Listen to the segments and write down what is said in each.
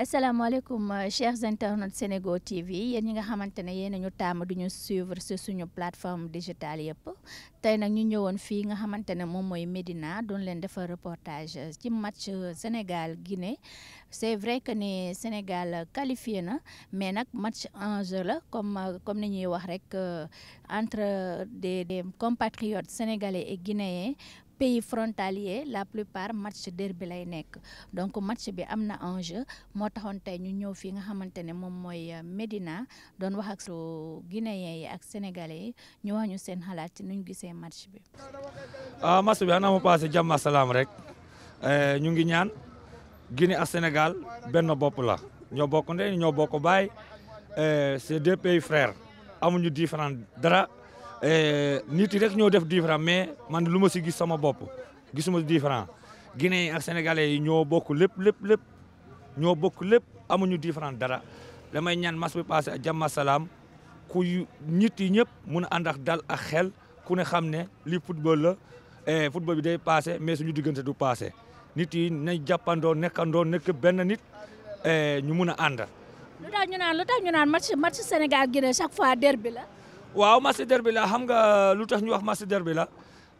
asalaamaaleykum euh, chers internautes Sénégo TV yéen ñi nga xamante ne yéen ñu tàmm du suivre si suñu plateforme digitale yëpp tey nag ñu ñëwoon fii nga xamante ne moom mooy Médina doon leen defar reportage ci match Sénégal Guinée c'est vrai que ni Sénégal qualifié na mais nag match en la comme euh, comme ni ñuy wax rek euh, entre de des compatriotes sénégalais et guinéens pays frontalier la plupart match bi lay nekk donc match bi am na enjeu moo taxoon tey ñu ñëw fii nga xamante ne moom mooy euh, Médina doon wax ak su Guinéens yi ak Sénégalais yi ñu wax ñu seen xalaat ci nu ñu gisee match bi. ah match bi ana mu passé jàmm asalaam rek eh, ñu ngi ñaan Guinée ak Sénégal benn bopp la ñoo bokk ndey ñoo bokk baay eh, c'est deux pays frères amuñu différent dara. Eh, nit yi rek ñoo def différent mais man lu ma si gis sama bopp gisuma différent Guinée ak sénégalais yi ñoo bokk lépp lépp lépp ñoo bokk lépp amuñu différent dara damay ñaan mas bi passé ak jàmm salaam ku nit yi ñëpp mun a ànd ak dal ak xel ku ne xam ne lii football la eh, football bi day passé mais suñu diggante du passé nit yi nañ jàppandoo nekkandoo nekk benn nit eh, ñu mun a ànd. lu tax ñu naan lu tax ñu naan match match chaque fois derby waaw match derby la xam nga lu tax ñu wax match derby la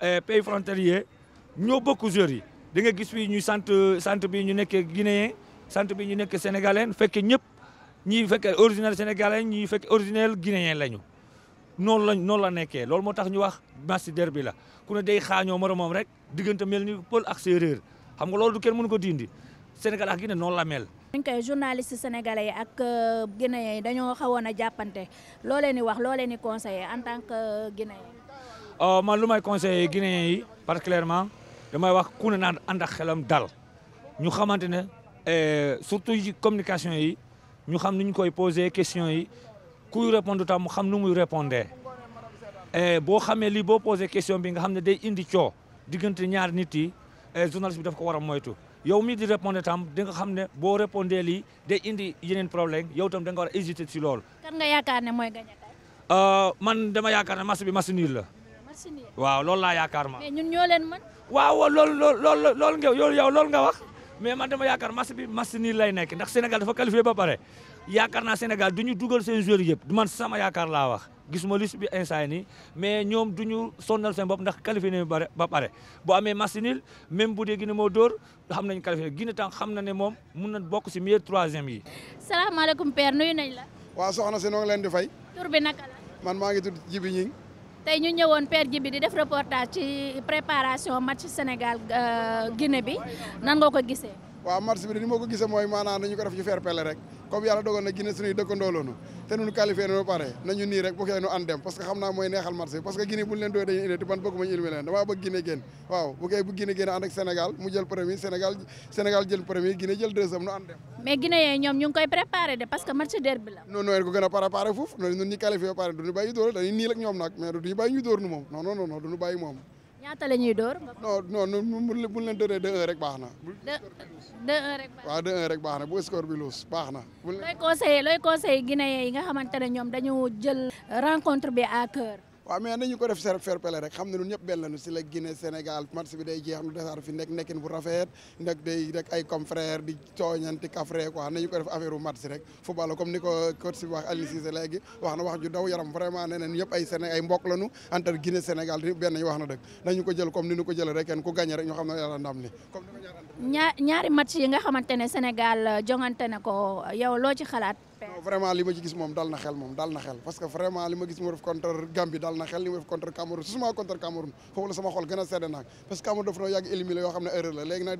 eh, pays frontalier ñoo bokk joueurs yi da nga gis fii ñu sant sant bi ñu nekkee guinéen sant bi ñu nekk sénégalais fekke ñëpp ñi fekke original sénégalais ñi fekk original guinéen lañu noonu lañ noonu la nekkee loolu moo tax ñu wax match derby la ku ne day xaañoo moromam rek diggante mel ni pël ak séeréer xam nga loolu du kenn mënu ko dindi Sénégal ak Guinée noonu la mel ñu koy journaliste sénégalais yi ak euh, guinéen yi dañoo xawoon a jàppante loo leen di wax loo leen di conseiller en tant que euh, guinéen. Euh, man lu may conseiller guinéen yi particulièrement damay wax ku ne naan ànd dal ñu xamante ne surtout communication yi ñu xam ni ñu koy poser question yi kuy répondre tam mu xam nu muy répondre boo xamee lii boo posé question bi nga xam ne day indi coo diggante ñaar nit yi journaliste bi daf ko war a moytu. yow mii di répondre tam di nga xam ne boo répondé lii day indi yeneen problème yow tam da nga war a hésiter si lool kan nga yaakaar ne mooy gagné euh, man dama yaakaar ne match bi match nul la. waaw loolu laa yaakaar ma. ñun ñoo leen mën. waaw loolu loolu loolu nga yow loolu nga wax mais man dama yaakaar match bi match nul lay nekk ndax Sénégal dafa qualifié ba pare yaakaar naa Sénégal du ñu dugal seen joueur yëpp man sama yaakaar la wax. gisuma liste bi instant nii mais ñoom du ñu sonnal seen bopp ndax qualifié nañu ba ba pare bu amee match nul même bu dee Guinée moo dóor xam nañ qualifié Guinée tam xam na ne moom mun na bokk si meilleur troisième yi. salaamaaleykum père nuyu nañ la. waa soxna si noo ngi leen di fay. tur bi naka la. man maa ngi tudd Jibi Ñing. tey ñu ñëwoon père Jibi di def reportage ci préparation match Sénégal euh, Guinée bi nan nga ko gisee. waaw match bi ni ma ko gisee mooy maanaam nañu ko def ñu fair play rek comme yàlla dogal na Guinée suñuy dëkkandoo loonu te ñun qualifié na pare nañu nii rek bu xëy nu an dem parce que xam naa mooy neexal match nu an dem mais Guinée ñoom ñu ngi koy préparé de parce que match derby la non non ko gën a préparé foofu noonu pare duñu bàyyi dóor dañuy nii rek ñoom nag mais duñu bàyyi ñu nu moom non non non duñu bàyyi ñaata la ñuy dóor. non non bu bu leen dóoree 2-1 rek baax na. 2 rek baax na waaw 2-1 bu score bi luus baax na. looy conseillé looy conseillé Guinéen yi nga xamante ne ñoom dañu jël rencontre bi à cœur. waaw mais nañu ko def fair play rek xam ne ñun ñëpp benn lañu si la Guinée fi nekk nekkin bu rafet nekk day rek ay confrère di tooñanti kafre quoi nañu ko def affaire u match rek football comme ni ko coach bi léegi wax na wax ju daw yaram vraiment ne neen yëpp ay Séné ay mbokk lañu entre Guinée Sénégal di benn wax na dëgg nañu ko jël comme ni ñu ko jël rek kenn ku gagné rek ñu xam ne yàlla ndam li ñaari match yi nga xamante ne Sénégal euh, jongante na ko yow loo ci xalaat vraiment li ma ci gis moom dal na xel moom dal na xel parce que vraiment li ma gis mu def contre Gambie dal na xel li ma def contre Cameroun seulement contre Cameroun foofu la sama xol gën a sedd parce que Cameroun daal nga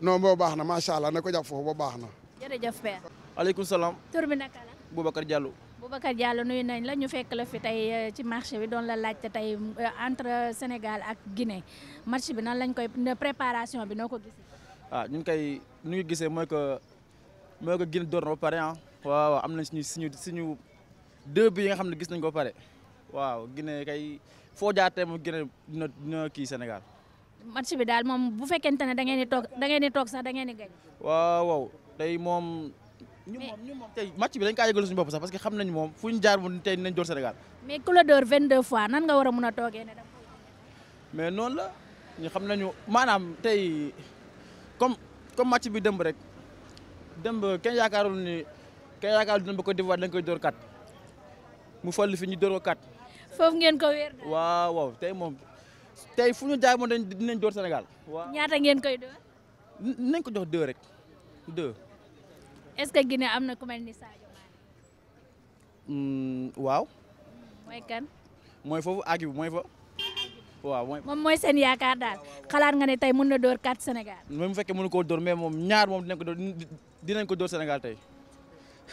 non boo baax na macha allah na ko jàpp foofu ba baax na jërëjëf père aleykum salaam tur bi naka la Boubacar Diallo Boubacar Diallo nuyu nañ la ñu fekk la fi tey euh, ci marché bi doon la laajte tey euh, entre Sénégal ak gine marché bi nan lañ koy préparation bi noo ko gisee. Ah, ñu ngi koy ñu gisee mooy que mooy que Guinée door ah. am nañ suñu suñu suñu deux bi yi nga xam ne gis nañ ko ba pare waaw Guinée kay foo jaatee mu Guinée dina dina kii Sénégal. match bi daal moom bu fekkente ne da ngeen di toog da di toog sax da ngeen di gañ. waaw waaw tey moom. ñu moom ñu moom tey match bi dañ ka yëgal suñu bopp sax parce que xam nañ moom fu ñu jaar mu tey nañ door Sénégal. mais ku la door 22 fois nan nga a mën mais noonu la ñu xam nañu maanaam tey comme comme match bi dëmb rek dëmb kenn yaakaarul ni kenn yaakaarul dina ba Côte d'Ivoire door kat mu fàll fi ñu door ko ngeen ko wér. waaw tey moom tey fu ñu jaar moom dañ dinañ door Sénégal. waaw ñaata ngeen koy door. nañ ko jox deux rek est-ce que Guinée am na ku mel ni Sadio Mané. Mm, waaw. mooy kan. mooy foofu aagi bi mooy fa. waaw mooy moom mooy seen yaakaar daal xalaat nga ne tey mën na door kat Sénégal. même bu fekkee mënu koo door mais moom ñaar moom dinañ ko door dinañ ko door Sénégal tey.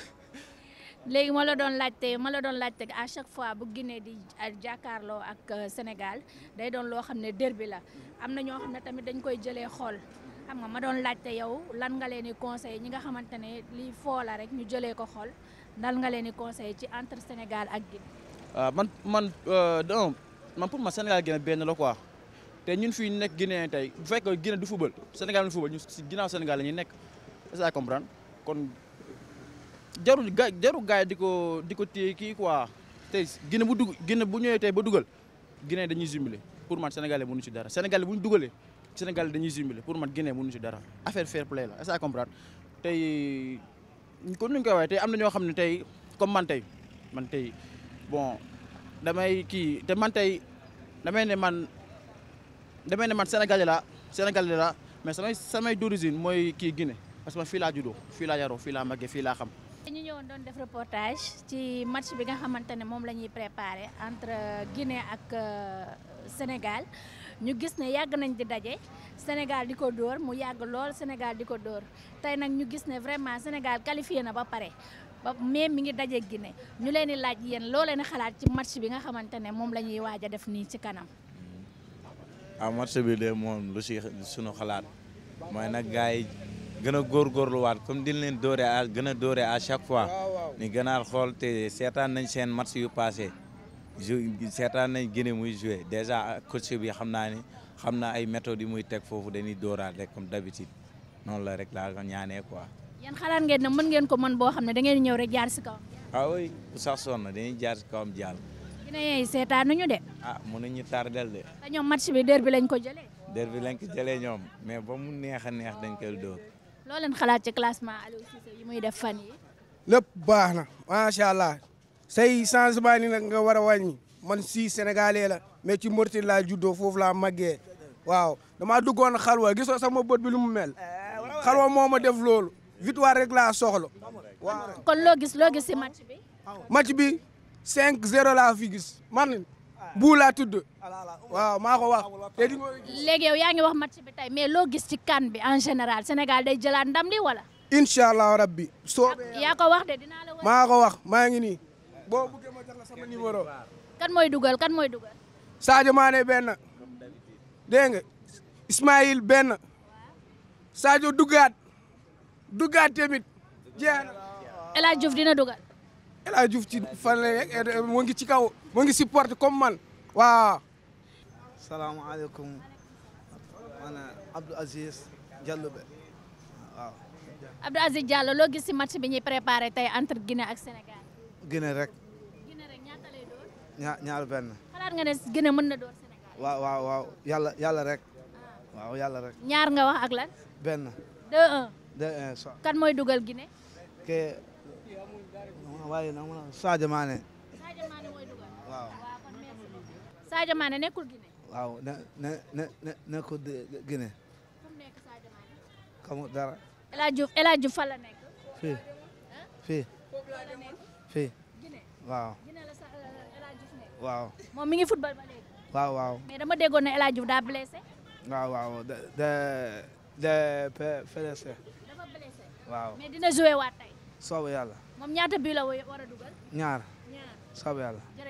léegi ma la doon laajte ma la doon laajte à chaque fois bu Guinée di jàkkaarloo ak euh, Sénégal day doon loo xam ne derby la am na ñoo xam ne tamit dañ koy jëlee xool xam nga ma doon laajte yow lan nga leen di conseil ñi nga xamante ne lii foola rek ñu jëlee ko xol dal nga leen di conseil ci entre Sénégal ak Guinée. waaw ah, man man non euh, man pour ma Sénégal Guinée benn la quoi te ñun fii nekk Guinée tey bu fekkee Guinée du football Sénégal du football si ginnaaw Sénégal la ñuy nekk est-ce que kon jarul ga jarul di ko di ko téye kii quoi tey Guinée bu dugg Guinée bu ñëwee tey ba dugal Guinée dañuy jumbile pour man Sénégalais mënu ci dara Sénégalais bu ñu dugalee. Sénégal dañuy jumbler pour man Guinée mënu si dara affaire fair play la est-ce que comprendre tey kon ni ñu koy waxee tey am na ñoo xam ne tey comme man tey man tey bon damay kii te man tey damay ne man damay ne man Sénégalais la Sénégalais la mais samay samay d'origine mooy kii Guinée parce que man fii laa juddoo fii laa yaroo fii laa màggee fii laa xam. ñu ñëwoon doon def reportage ci match bi nga xamante ne moom lañuy ñuy préparé entre Guinée ak euh, Sénégal. ñu gis ne yàgg nañ di daje Sénégal di ko dóor mu yàgg lool Sénégal di ko dóor tey nag ñu gis ne vraiment Sénégal qualifié na ba pare ba même mi ngi daje Guinée ñu leen di laaj yéen loo leen xalaat ci match bi nga xamante ne moom la ñuy waaj a def nii ci kanam. waaw ah, match bi de moom lu si suñu xalaat mooy nag gars yi gën a góorgóorluwaat comme di leen dóoree à gën a dóoree à chaque fois ni gën a xool te seetaan nañ seen match yu passé. jou seetaan na Guinée muy joué déjà coach bi xam naa ni xam naa ay méthodes yi muy teg foofu dañuy dóoraat rek comme d'habitude noonu la rek laa ko ñaanee quoi. yéen xalaat ngeen ne mën ngeen ko mën boo xam ne da ngeen ñëw rek jaar si kawam. ah oui sax dañuy jaar si kawam jàll. Guinée yi seetaan nañu de. ah mënuñu tardel de. te ñoom match bi derby lañ ko jëlee. derby lañ ko jëlee ñoom mais ba mu neex a neex dañ koy dóor. loo leen xalaat ci classement Aliou Cissé yi def fan yi lépp baax na say changement ni nag nga war a wàññi man si sénégal la mais ci Mauritanie laa juddoo foofu laa màggee waaw damaa duggoon xalwa gisoo sama bët bi lu mu mel xalwa moo ma def loolu victoire rek laa soxla waaw. kon loo gis loo gis si match bi. match bi cinq 0 laa fi gis man buu laa tudd waaw maa ko wax. léegi yow yaa ngi wax match bi tey mais loo gis ci kan bi en général Sénégal day jëlaat ndam wala. incha allah rabbi. soo yaa ko wax de la maa ko wax maa ngi nii. boo bëggee ma jox la sama numéro. kan mooy dugal kan mooy dugal. saajo Mané benn dégg nga Ismaïl benn Sadio dugaat dugaat tamit jeex na. El dina dugal. El Hadj Diouf ci fan eh, eh, ci kaw mu ngi supporté comme man waaw. salaamaaleykum maanaam Abdou Aziz Diallo be waaw. Aziz Diallo loo gis si match bi ñuy préparé tey entre Guinée ak Sénégal. Guinée rek. ñaar ñaar benn. xalaat a mën na door Sénégal. waaw waaw yàlla yàlla rek. Ah. waaw yàlla rek. ñaar nga wax ak lan. benn. 2-1. kan mooy dugal Guinée. ke waaye nag Sadio Mané. Sadio nekkul Guinée. waaw ne ne ne ne nekkul Guinée. nekk Sadio Mané. dara. El Hadj Diouf El nekk. fii fii. fii. Guinée waaw. waaw. moom mi ngi football ba léegi. waaw waaw. mais dama déggoon ne El Hadj Diouf daa blessé. waaw waaw de de de blessé. dafa waaw mais dina joué waat tey. soobu yàlla. moom ñaata bii la war a dugal. ñaar. ñaar yàlla.